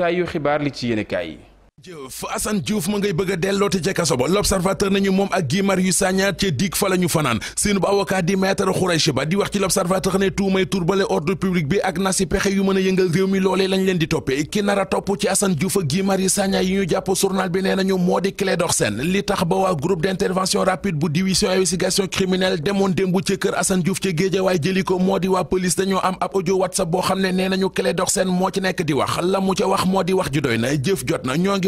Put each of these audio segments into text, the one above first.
taayu xibaar li ci yéenekaay yi jëf Assane Diouf ma ngay bëgg delloote ca kaso ba l'observateur nañu moom ak Guy Marius Sagna ca dig fa la fanaan seen bu avocat di maître Khouraychi Ba di wax ci l'observateur ne tuumay turbale ordre public bi ak nasi pexe yu mën yëngal réew mi loolee lañ leen di toppee ki topp ci Assane Diouf ak Guy Marius Sagna yi ñu jàpp journal bi nee nañu moo di Clédor Sène li tax ba waa groupe d'intervention rapide bu division investigation criminelle demoon démb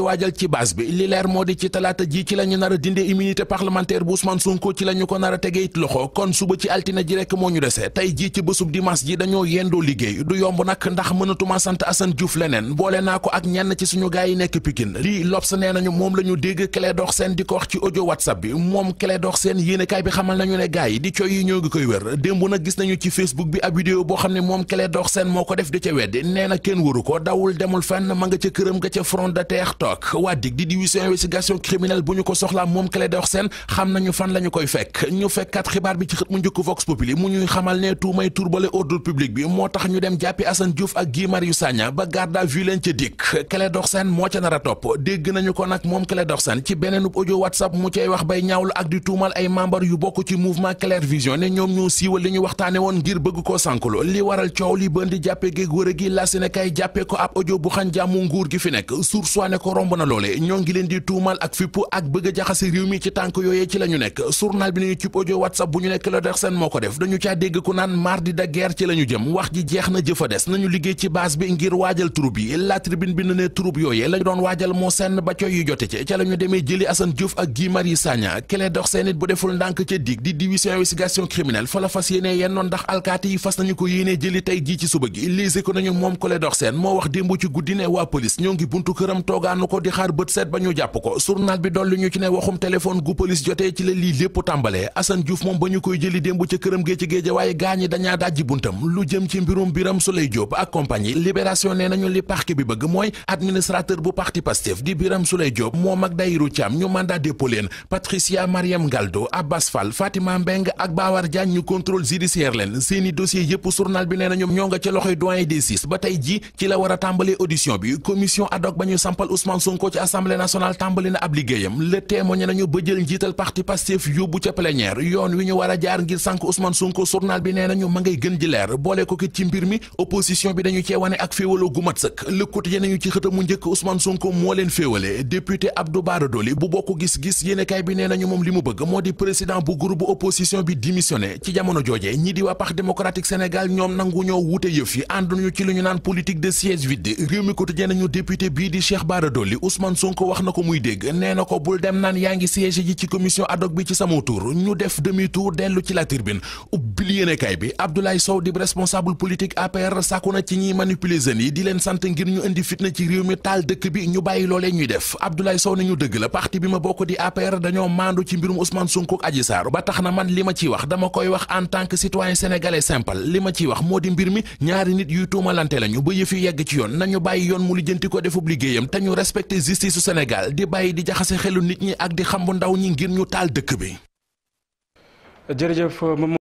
waajal ci base bi li leer moo di ci talaata ji ci la ñu nar a dinde immunité parlementaire bu Ousmane Sonko ci la ñu ko nar a tege it loxo kon suba ci altine ji rek moo ñu desee tey ji ci bésub dimanche ji dañoo yendoo liggéey du yomb nag ndax mënatuma sant Assane Diouf leneen boole naa ko ak ñenn ci suñu gaay yi nekk Pikine lii L'Obs nee nañu moom la ñu dégg Clédor seen di ko wax ci audio WhatsApp bi moom Clédor Sène yéenekaay bi xamal nañu ne gaay yi di coy yi ñoo ngi koy démb nag gis nañu ci Facebook bi ab vidéo boo xam ne moom Clédor Sène moo ko def di ca weddi nee na kenn waru ko dawul demul fenn ma nga ca këram nga ca front de terre toog waa dig di division investigation criminelle bu ñu ko soxlaa moom Clédor Sène xam nañu fan la koy fekk ñu fekkat xibaar bi ci xët mu njëkk Vox Populi mu ñuy xamal ne tuumay turbale ordre public bi moo tax ñu dem jàppi Assane Diouf ak Guy Marius Sagna ba garde à vue ca dikk Clédor Sène moo ca nar a topp dégg nañu ko nag moom Clédor Sène ci beneen audio WhatsApp mu cay wax bay ñaawlu ak di tuumal ay membre yu bokk ci mouvement Clair Vision ne ñoom ñoo siiwal li ñu waxtaane woon ngir bëgg koo sànkulo li waral coow la Sénégal jàppee ko ab audio bu gi fi nekk romb na loole ñoo ngi leen di tuumal ak fippu ak bëgg a jaxase réew mi ci tànk yooyee ci la nekk journal bi nañu de guerre ci la ci base bi ngir waajal troupe yi la tribune bi ne troupe yooyee lañu doon waajal moo seen ba coy yu jote ci ca la ñu demee jëli Assane Diouf ak Guy Marius Sagna kelee dox seen it bu deful ndànk ca dig di division investigation criminelle fa la fas yéenee yenn ndax alkaati yi fas nañu ko yéenee jëli tey jii ci suba gi liise ko nañu moom nanu ko di xaar bët seet ba ñu jàpp ko journal bi dolli ñu ci ne waxum téléphone gu police jotee ci la lii lépp tàmbalee Assane Diouf moom ba ñu koy jëli démb ca këram gee géej waaye gaañ yi dañaa dajji buntam lu jëm ci mbirum Biram Souleye Diop ak compagnie libération nee nañu li parquet bi bëgg mooy administrateur bu parti Pastef di Biram Souleye Diop moom ak Dayirou Thiam ñu mandat dépôt leen Patricia Mariam Galdo Abbas Fatima Mbeng ak Bawar Diagne ñu contrôle na ñoom ñoo a tàmbalee Ousmane Sonko ci assemblée nationale tàmbali na ab liggéeyam le témoigné nañu ba njiital parti Pastef yóbbu ca plénière yoon wi ñu war a jaar ngir sànk Ousmane Sonko journal bi nee nañu ma ngay gën ji boole ko kit ci mbir mi opposition bi dañu cee ak féewaloo gu mat sëkk Le Quotidien nañu ci xët njëkk Ousmane Sonko moo leen féewale député Abdou Bara bu bokk gis-gis yéenekaay bi nee nañu moom li mu bëgg moo di président bu groupe opposition li Ousmane Sonko wax na ko muy dégg nee na ko bul dem naan yaa ngi siège ji ci commission ad hoc bi ci sama tour ñu def demi tour dellu ci la tribune ubbil yéenekaay bi Abdoulaye Sow di responsable politique APR sàkku na ci ñiy manipuler yi di leen sant ngir ñu indi fitna ci réew mi taal dëkk bi ñu bàyyi loolee ñuy def Abdoulaye Sow ne ñu dëgg la parti bi ma bokk di APR dañoo maandu ci mbirum Ousmane Sonko ak Adji Sarr ba tax na man li ma wax dama ma wax moo di mbir mi ñaari nit yuy tuumalante ci yoon respecter justice su Sénégal di bàyyi di jaxase xelu nit ñi ak di xam ndaw ñi ngir ñu taal dëkk bi. jërëjëf